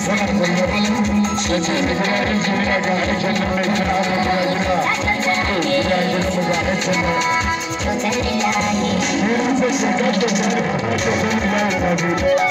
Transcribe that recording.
sanar kwallo ya ce da gidajen jiriya ga aikin nan mai kira da gida gida gida gida mu ga aikin nan ne